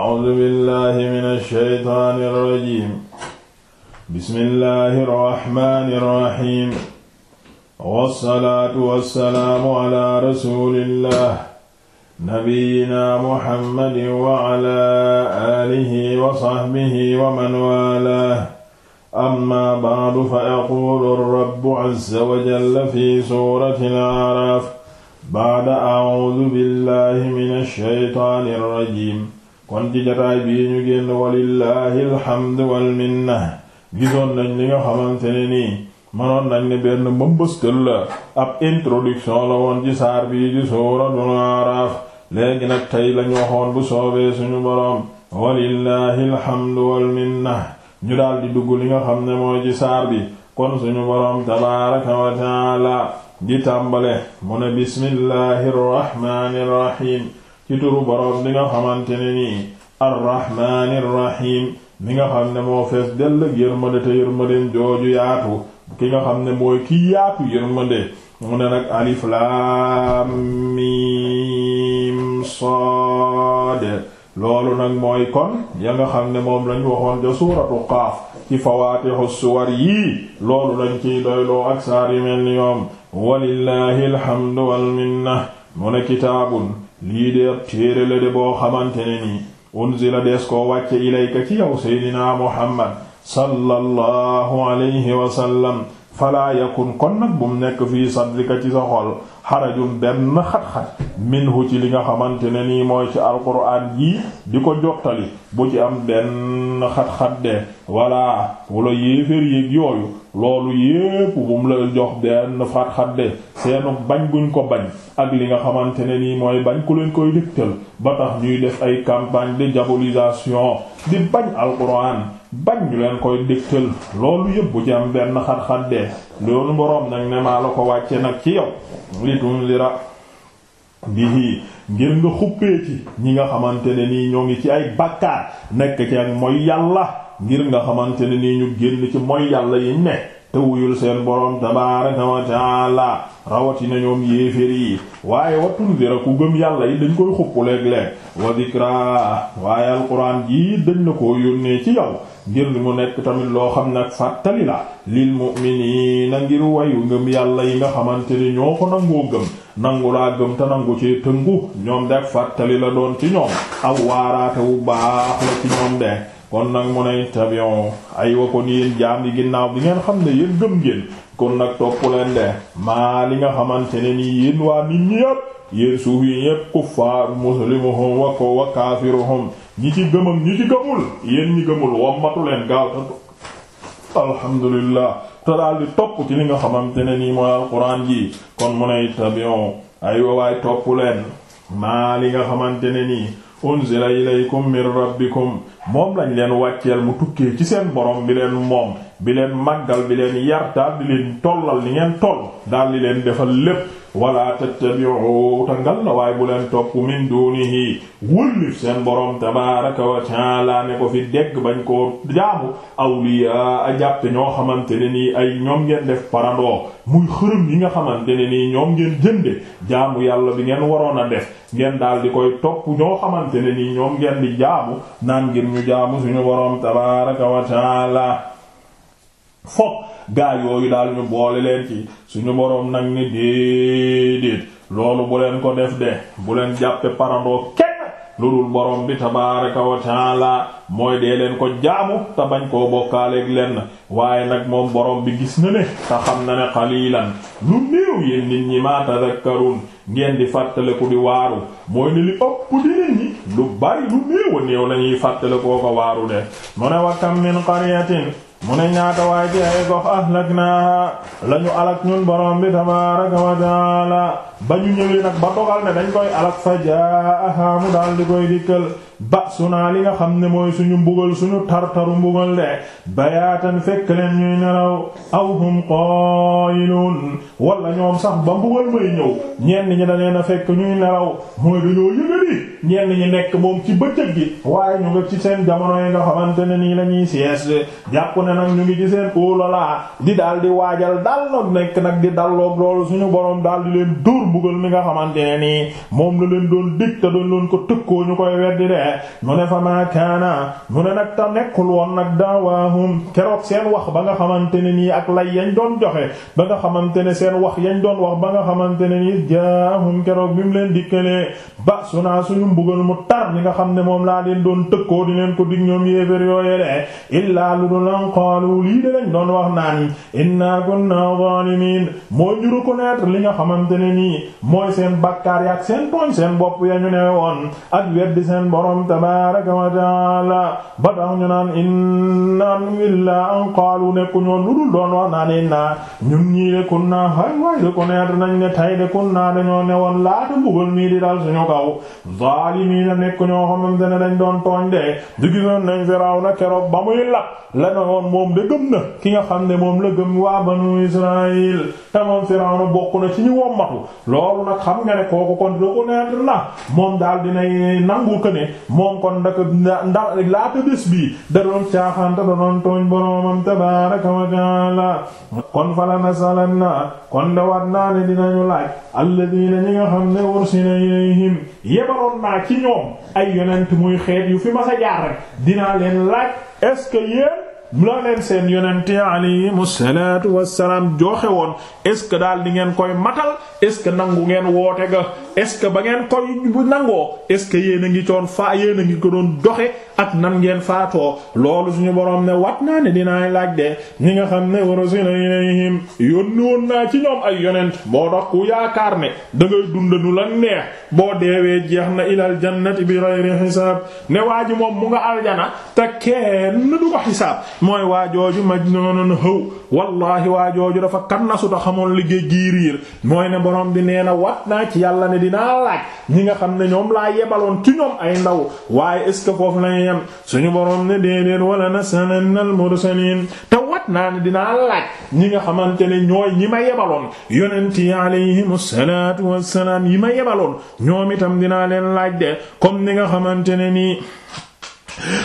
A'uuzu billaahi mina shaytaani rajiim. Bismillaahi rahmaani rahiim. Wassalaatu wassalaamu alaa rasuulillaah. Nabiyyinaa Muhammadin wa alaa aalihi wa sahbihi wa man waalaah. Ammaa ba'du fa yaquulu rabbu azza wa jalla fi suuratil A'raaf. Ba'da a'uuzu billaahi mina shaytaani rajiim. kon ci jataay bii ñu génn walillahi alhamdu walminna gisoon nañ li nga xamante ne nii mënoon nañ ni benn mbambastal la ab introduction la woon ci saar bii di suuratul Aaraaf léegi nag tey lañ waxoon bu soobee suñu boroom walillahi alhamdu walminna ñu daal di dugg li nga xam ne mooy ci saar bi kon suñu boroom tabaaraka wa di tàmbale mu ne bismillahi rrahmaani rrahim ci turu boroom nga xamante ne nii arrahmaani rrahiim mi nga xam ne moo fees dell ak yërmande te yërmandeem jooju yaatu ki nga xam ne mooy ki yaatu yërmande mu ne nag alif laam miim saad loolu nag mooy kon ya nga xam ne moom lañ waxoon ca suuratu qaaf ci fawaatihu suwar yii loolu lañ ciy doyloo ak saar yi mel alhamdu wal mu ne kitaabun lii de ab téere la de boo xamante ne nii unzila dees koo wàcce ilayka ci yow seydinaa muhammad sallallahu alayhi wasallam falaa kon nag mu nekk fii sadrika ci sa xol xarajum benn xat-xat minhu ci li nga xamante ne nii mooy ci alquraan jii di ko joxtali bu ci am benn xat-xat de walla wala yéeféer yéeg yooyu loolu yépp bu mu la jox benn xat-xat de seenu bañ buñ ko bañ ak li nga xamante ne nii mooy bañ ku leen koy dégtal ba tax ñuy def ay campagne de diabolisation di bañ alquran bañ ñu leen koy dégtal loolu yépp bu ci am benn xat-xat de loolu boroom nag ne maa la ko wàcce nag ci yow li tun lira bihi ngir nga xuppee ci ñi nga xamante ne nii ñoo ngi ci ay bàkkaar nekk ci ak mooy yàlla ngir nga xamante ne nii ñu génn ci mooy yàlla yiñ ne te wuyul seen boroom tabaaraka wa taala rawatina ñoom yéeféer yi waaye wa tundira ku gëm yàlla yi dañ koy xuppu leeg-leeg wa dikra waaye alquran jii dañ na koo yónnee ci yow ngir mu nekk tamit loo xam ne ak fàttali la lil mu'miniina ngir wayu ngëm yàlla yi nga xamante ni ñoo ko nangoo gëm nangu laa gëm te nangu ci tëngu ñoom de ak fàttali la doon ci ñoom aw waaraate wu baax la ci kon nag mu ne tabion ay wa kon jaam yi ginnaaw bi ngeen xam ne yéen gëm ngeen kon nag topp leen de maa li nga xamante ne nii yéen waa nit ñi yépp yéen suuf yi yépp kuffaar muslimuhum wa ko wa kaafiruhum ñi ci gëmam ñi ci gëmul yéen ñi gëmul wommatu leen gaaw alhamdulillah te daal topp ci li nga xamante ne nii mooy alquran ji kon mu ne tabion ay wa waay topp leen maa li nga xamante ne nii unzila ilaykum min rabbikum moom lañ leen wàcceel mu tukkee ci seen borom bi leen moom bi leen màggal bi leen yartaal di leen tollal li ngeen toll daal di leen defal lépp wala tattabi'u te ngal la waaye bu leen topp min dunihi wëllif seen borom tabaraka wa taala ne ko fi dégg bañ koo jaamu awliya a jàppe ñoo xamante ne nii ay ñoom ngeen def parandoo muy xërëm yi nga xamante ne nii ñoom ngeen jënde jaamu yàlla bi ngeen waroon a def ngeen daal di koy topp ñoo xamante ne nii ñoom ngeen di jaamu naan ngir ñu jaamu suñu borom tabaraka wa foog gaa yooyu daal ñu boole leen ci suñu boroom nag ni déedéet loolu bu leen ko def de bu leen jàppe parandoo kenn lu dul boroom bi tabaaraka wa taala mooy dee leen ko jaamu te bañ koo bokkaaleeg leen na waaye nag moom boroom bi gis na ne te xam na ne xaliilan lu néew yéen nit ñi ma tadakkarun ngeen di fàttaliku di waaru mooy ni li ëpp di nit ñi lu bari lu néew a néew lañuy fàttale koo ko waaru de mu wa kam min qaryatin mu ne ñaata waay ci ay gox ahlaknaaha la ñu alak ñun borom bi tabaaraka wa taala ba ñu ñëwee nag ba dogal ne dañ koy alak fa jaaha mu daal koy dikkal ba su naa li nga xam ne mooy suñu mbugal suñu tartaru mbugal de bayaatan fekk leen ñuy nelaw aw hum qaa'iluun wala ñoom sax ba mbugal may ñëw ñenn ñi da leen fekk ñuy nelaw mooy dañoo yëgëri ñenn ñi nekk moom ci bëccëg gi waaye ñu nga ci seen jamono yi nga xamante ne nii la ñuy ne nag ñu ngi ci seen óololaa di daal di waajal daal nag nekk nag di dalloog loolu suñu boroom daal di leen dóor mbugal mi nga xamante ne nii moom la leen doon dig te doon ko tëkkoo ñu koy weddi de mu ne fa ma kaana mu ne nag te nekkul woon nag daawaahum keroog seen wax ba nga xamante ne nii ak lay yañ doon joxe ba nga xamante ne seen wax yañ doon wax ba nga xamante ne nii jaahum keroog bi mu leen dikkalee ba su suñu mbugal mu tar li nga xam ne moom laa leen doon tëkkoo di leen ko dig ñoom yéefér yooyee de illaa lu dul qaalu lii de lañ doon wax naan inna kunna zalimin mooy ñu reconnaître li nga xamante ne nii mooy seen bakkaar ya ak seen tooñ seen bopp ya ñu ne woon ak weddi seen borom tabaaraka wa taala ba ñu naan inna illaa an qaalu nekku ñoon lu doon wax naan inna ñun ñii de kunna hay waay reconnaître nañ ne tay de kunna dañoo ne woon laata mbugal mii di dal suñu kaw zaalimiina nekk ñoo xamante ne dañ doon tooñ de du gisoon nañ Firawna keroog ba muy lap la doon moom de gëm na ki nga xam ne moom la gëm waa banu Israël te moom Firawna bokk na ci ñu wommatu loolu nag xam nga ne kooku kon reconnaître na moom daal dinay nangu ko ne moom kon ndaka bés bii da doon caaxaante da doon tooñ boroomam tabaaraka wa taala kon fala nasalanna kon de waat naa ne dinañu laaj alladina ñi nga xam ne ursila ilayhim yebaloon naa ci ñoom ay yonent muy xeet yu fi mas a jaar rek dinaa leen laaj est la leen seen yonente alayhimu salaatu wassalaam jooxe woon est-ce que daal di ngeen koy matal est-ce que nangu ngeen woote ga est-ce que ba ngeen koy bu nangoo est-ce que yéen a ngi coon faa yéen a ngi ko doon doxe ak nan ngeen faatoo loolu suñu borom ne wat naa ne dinaa laaj de ñi nga xam ne warasina ilayhim yónni woon naa ci ñoom ay yonent boo tax ku yaakaar ne da ngay dund la neex boo deewee jeex na ilal jannati bi ghayri hisaab ne waa ji moom mu nga aljana te kenn mooy waa jooju majnuunun hëw wallaahi waa jooju dafa kannasu ta xamoon liggéey giiriir mooy ne borom bi nee na wat naa ci yàlla ne dinaa laaj ñi nga xam ne ñoom laa yebaloon ci ay ndaw waaye est ce que foofu lañu yem suñu borom ne déedéet wala nasalanna al naa ne dinaa ñi nga xamante ne ñooy ñi ma yebaloon yonent yi alayhimu salaatu wassalaam yi ma yebaloon ñoom itam dinaa leen laaj de comme ni nga xamante ne nii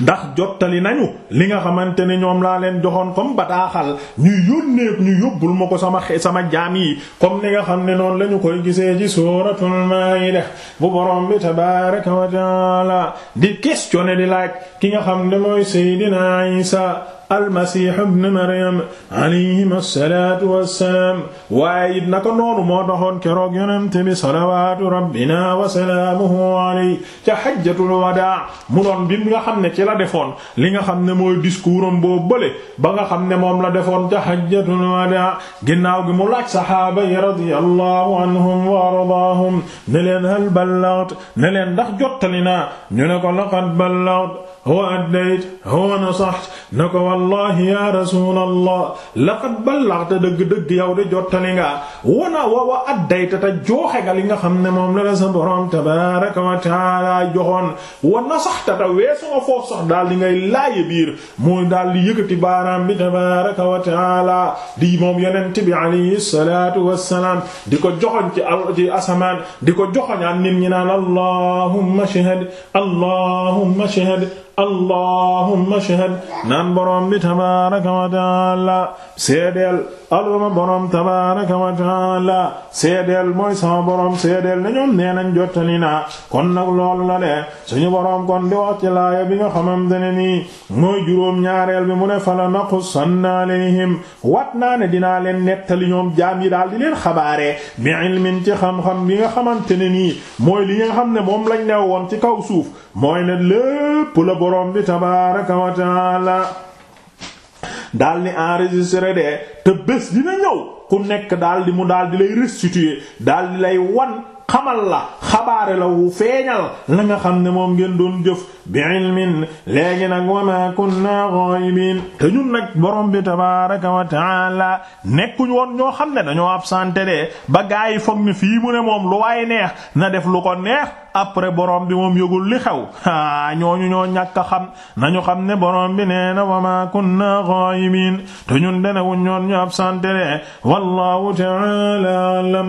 ndax jottali nañu li nga xamante ne ñoom laa leen joxoon comme bataaxal ñu yónnee ñu yóbbul ma ko sama sama jaam yi comme ni nga xam ne noonu lañu koy gisee ci suuratul maayida bu borom bi tabaaraka wa taala di questionner di laaj ki nga xam ne mooy Seydina Isa almasih ibn maryam alayhim assalaatu wassalaam waaye it naka noonu moo taxoon keroog yonent bi salawaatu rabbina wa salaamuhu alayhi ca hajjatul wadaa mu doon bi nga xam ne ci la defoon li nga xam ne mooy discours am boo bële ba nga xam ne moom la defoon ca hajjatul wadaa ginnaaw gi mu laaj saxaaba yi radiyallahu anhum wa ardaahum ne leen hal ballaght ne leen ndax jottali naa ñu ne ko laqad ballaght wa addayt wa nasaht na ko allah ya rasulallah laqad ballaxta dëgg-dëgg yow de jottali nga wana wa wa addayta te jooxe nga li nga xam ne moom la la sa borom tabaraka wa taala joxoon wa nasaxta te weesu nga foofu sax daal di ngay laaye biir mooy daal di baaraam bi tabaraka wa taala di moom yonent bi alayhi salatu wassalaam di ko joxoñ ci al di ko joxoñaan nit ñi naan allahumma shahid allahumma shahid allahumma shahad naan boroom bi tabaaraka wa taala seedeel aluma boroom tabaaraka wa taala seedeel mooy sama boroom seedeel na ñoom nee nañ jottali naa kon nag loolu la de suñu boroom kon di wax ci laaya bi nga xamante ne nii mooy juróom ñaareel bi mu ne fala naqussanna alayhim wat naa ne dinaa leen nettali ñoom jaam yi daal di leen xabaare bi ilmin ci xam-xam bi nga xamante ne nii mooy li nga xam ne moom lañ new woon ci kaw suuf mooy ne lépp la borom bi tabaaraka wa taala daal ni enregistré de te bés dina ñëw ku nekk daal di mu dal di lay restituer daal di lay wan xamal la xabaare la wu feeñal la nga xam ne moom ngeen doon jëf bi ilmin léegi nag wa ma kunna ghaibin te ñun nag borom bi tabaaraka wa taala nekkuñ woon ñoo xam ne dañoo absenté de ba gaa yi foog ni fii ne moom lu waay neex na def lu ko neex après borom bi moom yogul li xew aa ñooñu ñoo ñàkk xam na ñoo xam ne borom bi nee na wa ma kunna ghaibin te ñun denewuñ ñoon ñu absenté de wallahu taala alam